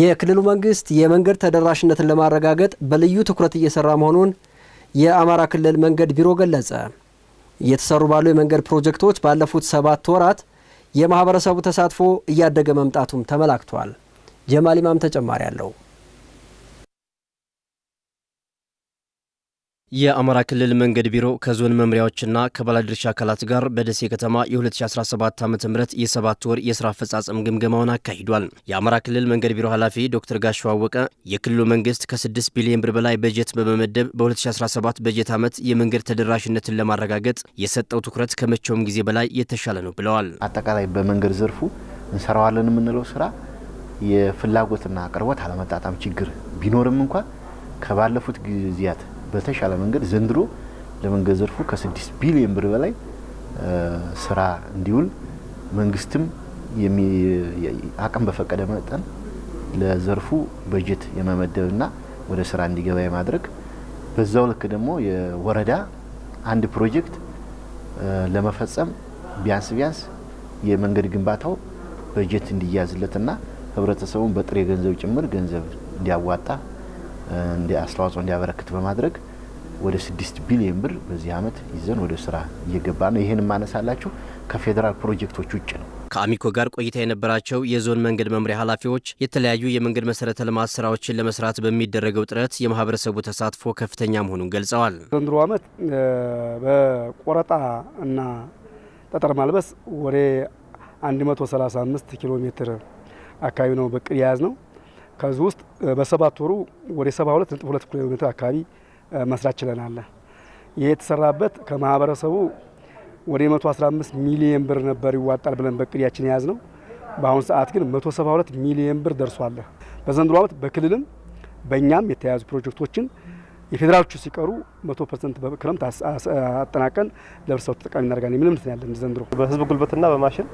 የክልሉ መንግስት የመንገድ ተደራሽነትን ለማረጋገጥ በልዩ ትኩረት እየሰራ መሆኑን የአማራ ክልል መንገድ ቢሮ ገለጸ። እየተሰሩ ባሉ የመንገድ ፕሮጀክቶች ባለፉት ሰባት ወራት የማህበረሰቡ ተሳትፎ እያደገ መምጣቱም ተመላክቷል። ጀማሊማም ተጨማሪ አለው። የአማራ ክልል መንገድ ቢሮ ከዞን መምሪያዎችና ከባለድርሻ አካላት ጋር በደሴ ከተማ የ2017 ዓ ም የሰባት ወር የስራ አፈጻጸም ግምገማውን አካሂዷል። የአማራ ክልል መንገድ ቢሮ ኃላፊ ዶክተር ጋሻው አወቀ የክልሉ መንግስት ከ6 ቢሊዮን ብር በላይ በጀት በመመደብ በ2017 በጀት ዓመት የመንገድ ተደራሽነትን ለማረጋገጥ የሰጠው ትኩረት ከመቼውም ጊዜ በላይ የተሻለ ነው ብለዋል። አጠቃላይ በመንገድ ዘርፉ እንሰራዋለን የምንለው ስራ የፍላጎትና አቅርቦት አለመጣጣም ችግር ቢኖርም እንኳን ከባለፉት ጊዜያት በተሻለ መንገድ ዘንድሮ ለመንገድ ዘርፉ ከስድስት ቢሊዮን ብር በላይ ስራ እንዲውል መንግስትም አቅም በፈቀደ መጠን ለዘርፉ በጀት የመመደብና ወደ ስራ እንዲገባ የማድረግ በዛው ልክ ደግሞ የወረዳ አንድ ፕሮጀክት ለመፈጸም ቢያንስ ቢያንስ የመንገድ ግንባታው በጀት እንዲያዝለትና ህብረተሰቡን በጥሬ ገንዘብ ጭምር ገንዘብ እንዲያዋጣ አስተዋጽኦ እንዲያበረክት በማድረግ ወደ ስድስት ቢሊዮን ብር በዚህ አመት ይዘን ወደ ስራ እየገባ ነው። ይህን ማነሳላችሁ ከፌዴራል ፕሮጀክቶች ውጭ ነው። ከአሚኮ ጋር ቆይታ የነበራቸው የዞን መንገድ መምሪያ ኃላፊዎች የተለያዩ የመንገድ መሰረተ ልማት ስራዎችን ለመስራት በሚደረገው ጥረት የማህበረሰቡ ተሳትፎ ከፍተኛ መሆኑን ገልጸዋል። ዘንድሮ ዓመት በቆረጣ እና ጠጠር ማልበስ ወደ 135 ኪሎ ሜትር አካባቢ ነው በቅድ የያዝ ነው ከዚህ ውስጥ በሰባት ወሩ ወደ 2 ኪሎ ሜትር አካባቢ መስራት ችለናል። ይህ የተሰራበት ከማህበረሰቡ ወደ 115 ሚሊየን ብር ነበር ይዋጣል ብለን በቅዳችን የያዝ ነው። በአሁኑ ሰዓት ግን 172 ሚሊየን ብር ደርሷል። በዘንድሮ ዓመት በክልልም በእኛም የተያያዙ ፕሮጀክቶችን የፌዴራሎቹ ሲቀሩ 100 ፐርሰንት በክረምት አጠናቀን ለብሰው ተጠቃሚ እናደርጋለን የሚል እምነት ያለን ዘንድሮ በህዝብ ጉልበትና በማሽን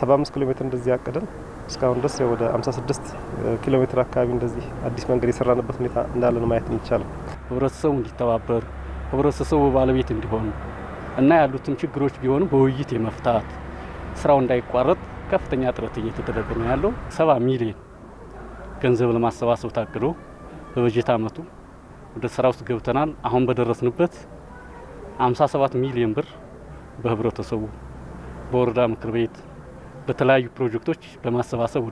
75 ኪሎ ሜትር እንደዚህ ያቀደን እስካሁን ድረስ ወደ 56 ኪሎ ሜትር አካባቢ እንደዚህ አዲስ መንገድ የሰራንበት ሁኔታ እንዳለን ማየት የሚቻለው ህብረተሰቡ እንዲተባበር ህብረተሰቡ ባለቤት እንዲሆን እና ያሉትን ችግሮች ቢሆኑ በውይይት የመፍታት ስራው እንዳይቋረጥ ከፍተኛ ጥረት እየተደረገ ነው ያለው። ሰባ ሚሊዮን ገንዘብ ለማሰባሰብ ታቅዶ በበጀት አመቱ ወደ ስራ ውስጥ ገብተናል። አሁን በደረስንበት 57 ሚሊዮን ብር በህብረተሰቡ በወረዳ ምክር ቤት በተለያዩ ፕሮጀክቶች በማሰባሰብ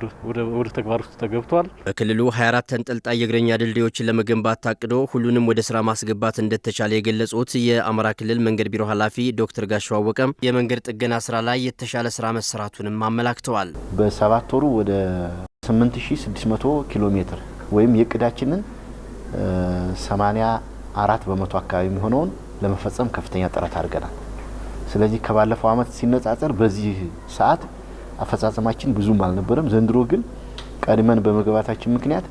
ወደ ተግባር ውስጥ ተገብቷል። በክልሉ 24 ተንጠልጣይ የእግረኛ ድልድዮችን ለመገንባት ታቅዶ ሁሉንም ወደ ስራ ማስገባት እንደተቻለ የገለጹት የአማራ ክልል መንገድ ቢሮ ኃላፊ ዶክተር ጋሻው አወቀም የመንገድ ጥገና ስራ ላይ የተሻለ ስራ መሰራቱንም አመላክተዋል። በሰባት ወሩ ወደ 8600 ኪሎ ሜትር ወይም የእቅዳችንን 84 በመቶ አካባቢ የሚሆነውን ለመፈጸም ከፍተኛ ጥረት አድርገናል። ስለዚህ ከባለፈው አመት ሲነጻጸር በዚህ ሰዓት አፈጻጸማችን ብዙም አልነበረም። ዘንድሮ ግን ቀድመን በመግባታችን ምክንያት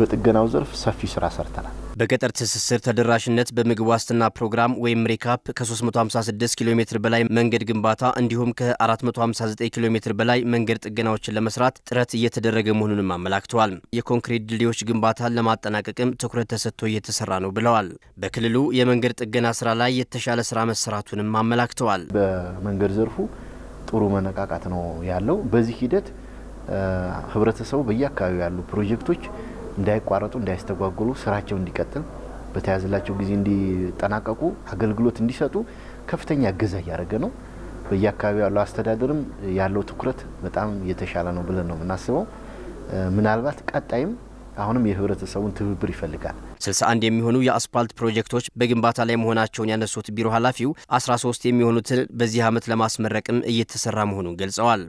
በጥገናው ዘርፍ ሰፊ ስራ ሰርተናል። በገጠር ትስስር ተደራሽነት በምግብ ዋስትና ፕሮግራም ወይም ሬካፕ ከ356 ኪሎ ሜትር በላይ መንገድ ግንባታ እንዲሁም ከ459 ኪሎ ሜትር በላይ መንገድ ጥገናዎችን ለመስራት ጥረት እየተደረገ መሆኑንም አመላክተዋል። የኮንክሪት ድልድዮች ግንባታን ለማጠናቀቅም ትኩረት ተሰጥቶ እየተሰራ ነው ብለዋል። በክልሉ የመንገድ ጥገና ስራ ላይ የተሻለ ስራ መሰራቱንም አመላክተዋል። በመንገድ ዘርፉ ጥሩ መነቃቃት ነው ያለው። በዚህ ሂደት ህብረተሰቡ በየአካባቢው ያሉ ፕሮጀክቶች እንዳይቋረጡ፣ እንዳይስተጓጉሉ ስራቸው እንዲቀጥል በተያዘላቸው ጊዜ እንዲጠናቀቁ፣ አገልግሎት እንዲሰጡ ከፍተኛ እገዛ እያደረገ ነው። በየአካባቢው ያለው አስተዳደርም ያለው ትኩረት በጣም የተሻለ ነው ብለን ነው የምናስበው። ምናልባት ቀጣይም አሁንም የህብረተሰቡን ትብብር ይፈልጋል። 61 የሚሆኑ የአስፓልት ፕሮጀክቶች በግንባታ ላይ መሆናቸውን ያነሱት ቢሮ ኃላፊው 13 የሚሆኑትን በዚህ ዓመት ለማስመረቅም እየተሰራ መሆኑን ገልጸዋል።